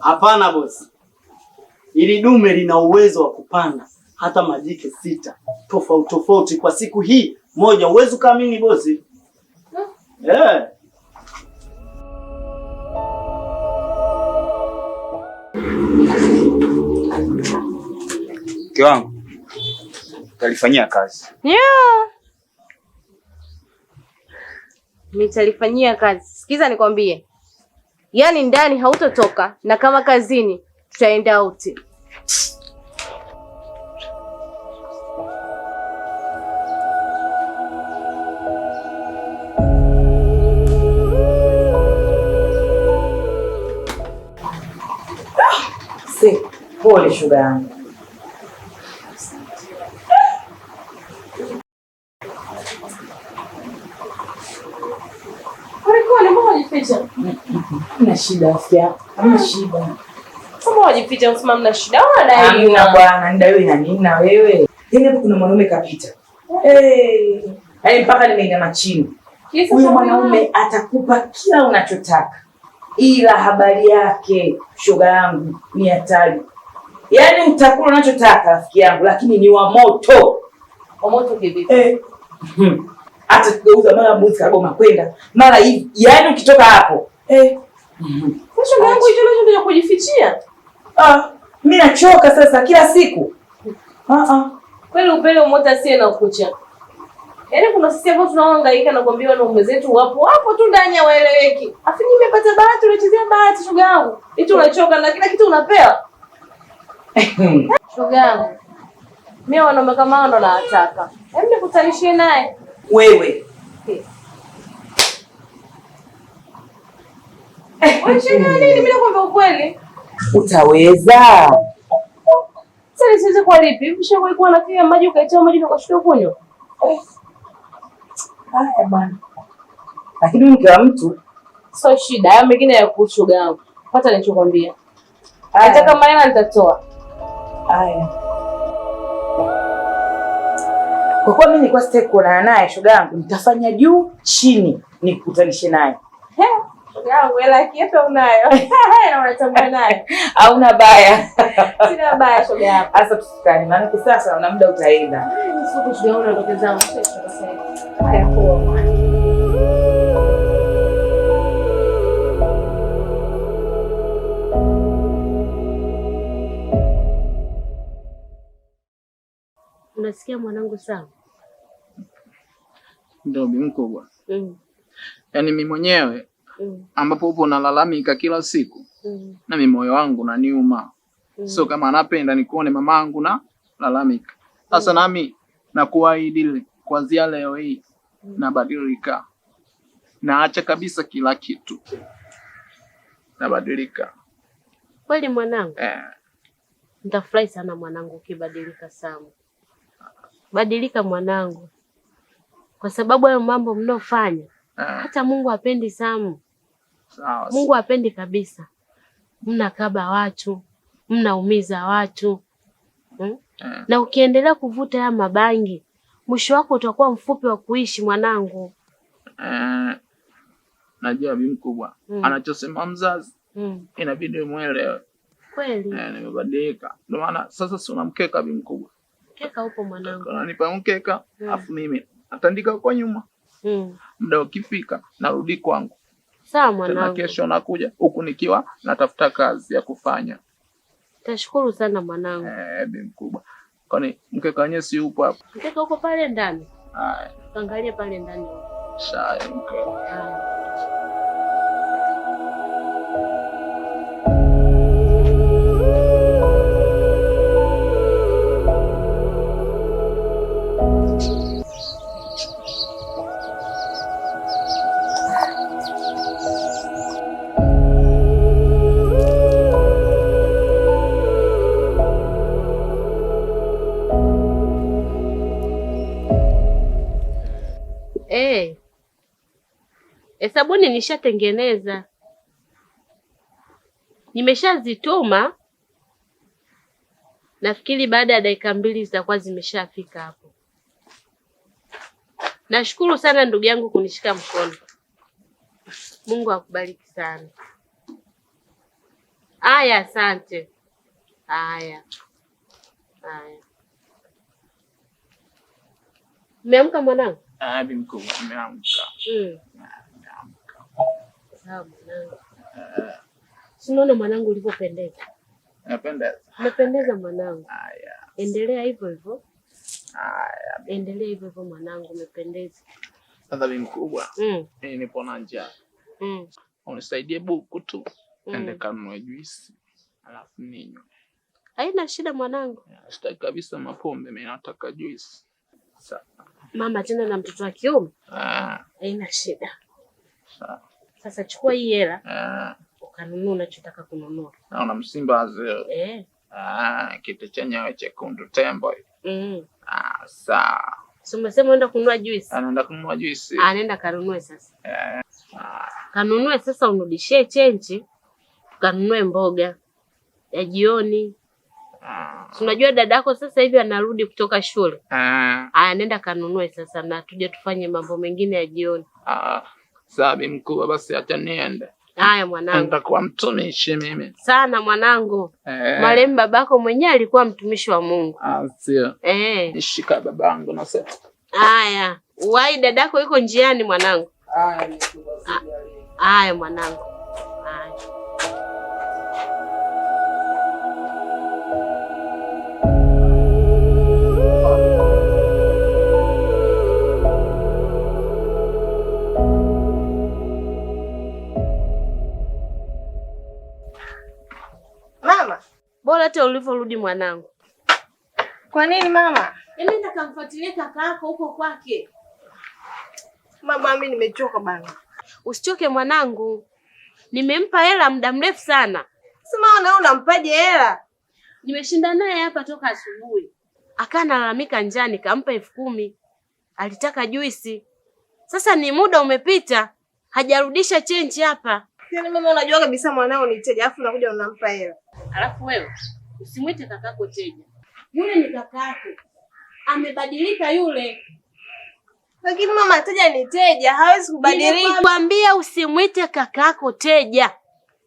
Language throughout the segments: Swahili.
Hapana bosi, ili dume lina uwezo wa kupanda hata majike sita tofauti tofauti kwa siku hii moja. Uwezo kamini bosi, huh? yeah. Mke wangu kazi yeah. Nitalifanyia kazi. Sikiza nikwambie yaani ndani hautotoka, na kama kazini tutaenda out. Ah! Pole shuga yangu. Hamna shida afya. Ah. Hamna shida. Kama wajificha msema hamna shida. Wala dai. Hamna bwana, nidai na nini na wewe? Yaani hapo kuna mwanaume kapita. Eh. Yaani mpaka nimeinama chini. Huyu mwanaume atakupa kila unachotaka. Ila habari yake shoga yangu ni hatari. Yaani utakula unachotaka rafiki yangu, lakini ni wa moto. Wa moto kivipi? Eh. hata kugeuza mara mwezi Kagoma kwenda mara hivi, yani ukitoka hapo eh, shoga yangu hicho ndio cha kujifichia. Ah, mimi nachoka sasa kila siku. Ah ah, kweli upele umota sie na ukucha. Yaani kuna sisi ambao tunaohangaika na kuambiwa na mume zetu wapo hapo tu ndani ya waeleweki. Afi Afini nimepata bahati, unachezea bahati shoga yangu. Eti unachoka na kila kitu unapewa. Shoga yangu. Mimi wanaume kama hao ndo nawataka. Hebu yaani nikutanishie naye wewe utaweza? Siwezi kwa lipi? Ushawahi kuwa na kiu maji ukaitoa maji na kushtuka kunywa? Haya bwana, lakini mke wa mtu sio shida. Hayo mengine ya kuchuga yangu, pata nichokwambia Hata kama hela nitatoa. Haya. Kwa kuwa mimi nilikuwa sitaki kuonana naye, shoga yangu, nitafanya juu chini nikutanishe naye. Hauna baya. Sasa sasa una muda utaenda. Unasikia mwanangu sawa? ndio bi mkubwa mm. Yaani mimi mwenyewe mm. ambapo upo nalalamika kila siku mm. na mimi moyo wangu naniuma mm. so kama anapenda nikuone mama angu na lalamika sasa, mm. nami nakuahidi kuanzia leo hii mm. nabadilika, naacha kabisa kila kitu, nabadilika kweli mwanangu eh. Nitafurahi sana mwanangu ukibadilika. Samu, badilika mwanangu kwa sababu hayo mambo mnaofanya ah. hata Mungu apendi Samu. Sawa. Mungu hapendi kabisa. Mnakaba watu, mnaumiza watu hmm? hmm? Na ukiendelea kuvuta haya mabangi, mwisho wako utakuwa mfupi wa kuishi mwanangu. Hmm. Najua bi mkubwa hmm. Anachosema mzazi hmm. Inabidi mwelewe kweli. Eh, nimebadilika. Ndio maana sasa si una mkeka bi mkubwa? Mkeka upo mwanangu. Unanipa mkeka hmm. afu mimi natandika kwa nyuma mm. Muda ukifika narudi kwangu. Sawa mwanangu, tena kesho nakuja huku nikiwa natafuta kazi ya kufanya. Tashukuru sana mwanangu. Eh, bi mkubwa, kwani mkeka wenyewe si upo hapo? Mkeka uko pale ndani. Haya, angalia pale ndani. Sawa mkeka. sabuni nishatengeneza, nimeshazituma. Nafikiri baada ya dakika mbili zitakuwa zimeshafika hapo. Nashukuru sana ndugu yangu kunishika mkono. Mungu akubariki sana. Aya, asante. Aya, aya. Umeamka mwanangu? Ah, mimi mko, Mm sababu mwanangu. Si unaona mwanangu ulivyopendeza? Napendeza. Napendeza mwanangu. Haya. Endelea hivyo hivyo. Haya. Endelea hivyo hivyo mwanangu, umependeza. Sasa mimi mkubwa. Mm. Mimi nipo na njaa. Mm. Unisaidie buku tu. Mm. Ende kanunue juisi. Alafu ninywe. Haina shida mwanangu. Sitaki kabisa mapombe, mimi nataka juisi. Sasa. Mama tena na mtoto wa kiume? Ah. Haina shida. Sawa. Sasa chukua hii hela uh, ah. ukanunua unachotaka kununua. Naona msimba eh, ah, kitu chenyewe chekundu tembo. Mm. Ah, sawa. So umesema unaenda kununua juice? Anaenda kununua juice. Ah, anaenda kanunue sasa. Eh. Ah. Kanunue sasa unudishie chenji, kanunue mboga ya jioni. ah. Unajua dadako sasa hivi anarudi kutoka shule. Ah, anaenda kanunue sasa na tuje tufanye mambo mengine ya jioni. Ah, Sabi mkubwa, basi acha niende. Haya mwanangu, nitakuwa mtumishi mimi sana mwanangu. Eh, marehemu babako mwenyewe alikuwa mtumishi wa Mungu, Ah, sio? eh? nishika babangu na sasa. Haya, wai dadako yuko njiani mwanangu. Haya ah, mwanangu. pole hata ulivyorudi mwanangu. Kwa nini mama? Nenda yaani nitakamfuatilia kaka yako huko kwake. Mama mimi nimechoka bana. Usichoke mwanangu, nimempa hela muda mrefu sana. Sema wewe unampaje hela? Nimeshinda naye hapa toka asubuhi, akaa nalalamika njaa, nikampa elfu kumi. Alitaka juisi, sasa ni muda umepita, hajarudisha chenji hapa. Tena yaani mama, unajua kabisa mwanao ni teja, alafu unakuja unampa hela. Alafu wewe usimwite kakako teja, yule ni kakako, amebadilika yule. Lakini mama, teja ni teja, hawezi kubadilika. Nilikwambia usimwite kakako teja,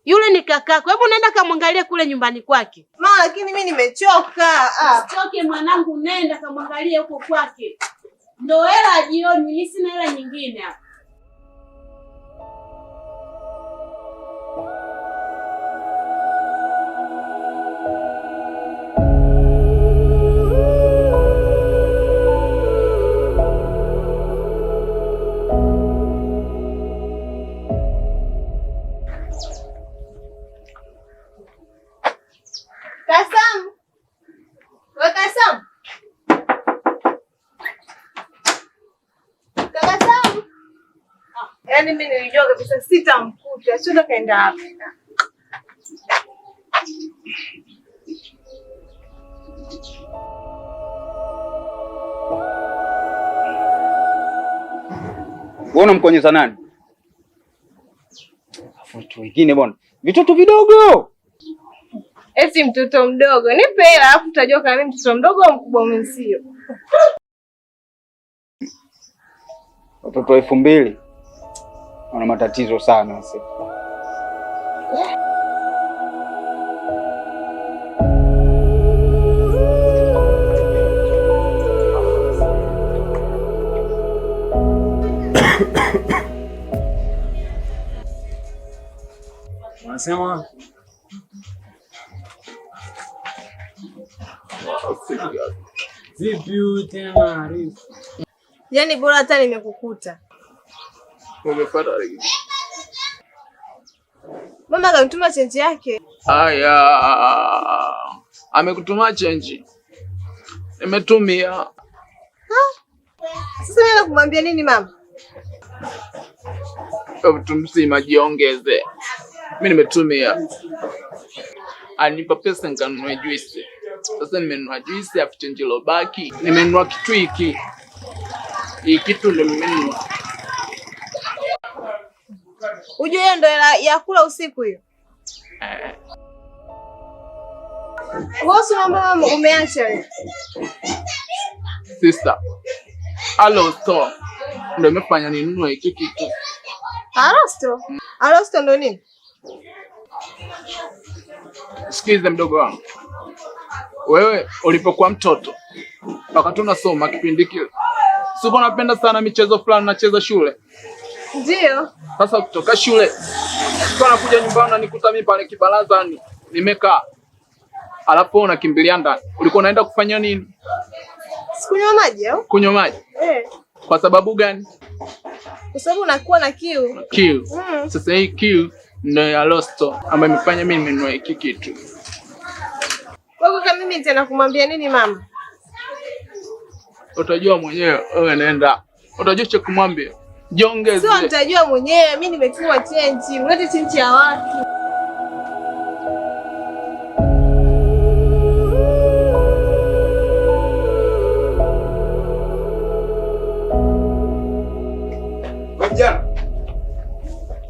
yule ni kakako. Hebu nenda kamwangalie kule nyumbani kwake. Mama, lakini mimi nimechoka. Ah. Usichoke mwanangu, nenda kamwangalie huko kwake, ndo hela jioni. Mimi sina hela nyingine hapa. Kasam. Wa Kasam. Kasam. Ah, yani mimi nilijua kabisa sitamkuta, sio ndo kaenda hapa Wewe unamkonyeza nani? Afu wengine bwana, vitoto vidogo Eti mtoto mdogo, nipe hela alafu utajua kama mimi mtoto mdogo au mkubwa mwenzio. Watoto elfu mbili wana matatizo sana sasa. Wanasema Vipi tena Arifu? Yaani bora hata nimekukuta. Umepata ligi. Mama akamtuma chenji yake. Aya. Amekutuma chenji. Nimetumia. Sasa mimi nakumwambia nini mama? Mtu mzima jiongeze. Mimi nimetumia. Alinipa pesa nikanunua juice. Sasa nimenunua juisi, ya chenji lobaki, nimenunua kitu hiki hii kitu ndio nimenunua. Ujue hiyo ndio ya kula usiku hiyo eh. Bosi mama umeacha wewe. Sister. Alosto. Ndio imefanya ninunue hiki kitu. Alosto. Mm. Alosto ndo nini? Sikiza mdogo wangu. Wewe ulipokuwa mtoto wakati unasoma kipindi kile, si uko napenda sana michezo fulani nacheza shule? Ndio. Sasa kutoka shule nakuja nyumbani, nanikuta mimi pale kibarazani nimekaa, alafu unakimbilia ndani. Ulikuwa unaenda kufanya nini? Sikunywa maji au kunywa maji eh? Kwa sababu gani? Kwa sababu nakuwa na kiu. Kiu. Mm. Sasa hii kiu ndio ya losto ambayo imefanya mimi ninunue hiki kitu. Wewe kama mimi tena kumwambia nini mama? Utajua mwenyewe wewe, nenda utajua cha kumwambia. Jonge Sio, nitajua mwenyewe. Mimi nimetumwa chenji, mlete chenji ya watu.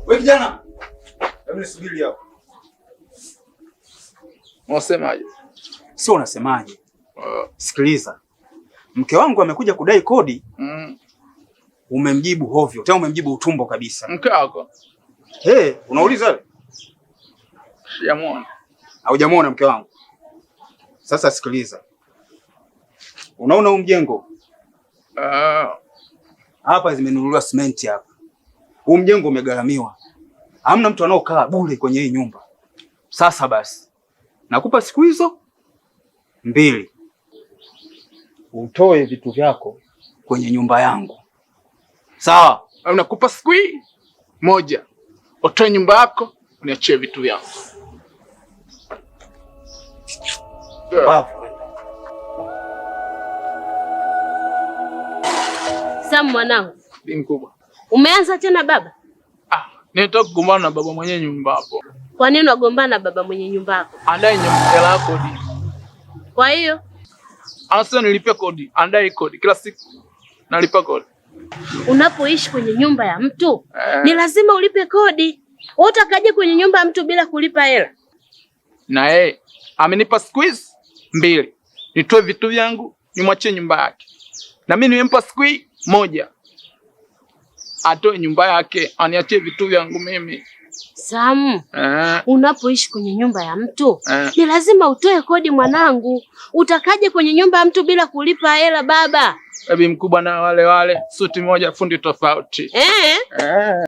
Wewe kijana, hebu nisubiri hapo. Unasemaje? sio? Unasemaje? Uh, sikiliza, mke wangu amekuja kudai kodi mm. Umemjibu hovyo tena, umemjibu utumbo kabisa. Mke wako hey, unauliza sijamuona, haujamuona mke wangu? Sasa sikiliza, unaona huu mjengo uh, hapa uh. Zimenunuliwa simenti hapa, huu mjengo umegharamiwa, hamna mtu anaokaa bure kwenye hii nyumba. Sasa basi nakupa siku hizo Mbili, utoe vitu vyako kwenye nyumba yangu. Sawa, unakupa siku hii moja, utoe nyumba yako uniachie vitu vyako. Sam, mwanangu mkubwa, umeanza tena baba? Ah, nitaka kugombana na baba mwenye nyumba hapo. Kwa nini unagombana na baba mwenye nyumba yako? Adai nyumba yako kwa hiyo anasema nilipe kodi, anadai kodi kila siku, nalipa kodi. Unapoishi kwenye nyumba ya mtu eh, ni lazima ulipe kodi. Wewe utakaje kwenye nyumba ya mtu bila kulipa hela? Na yeye amenipa squeeze mbili, nitoe vitu vyangu nimwachie nyumba yake, na mimi nimempa squeeze moja atoe nyumba yake aniachie vitu vyangu mimi Samu, ah. unapoishi kwenye nyumba ya mtu ah. ni lazima utoe kodi mwanangu. Utakaje kwenye nyumba ya mtu bila kulipa hela baba? Bibi mkubwa na wale wale, suti moja fundi tofauti. Eh. Eh.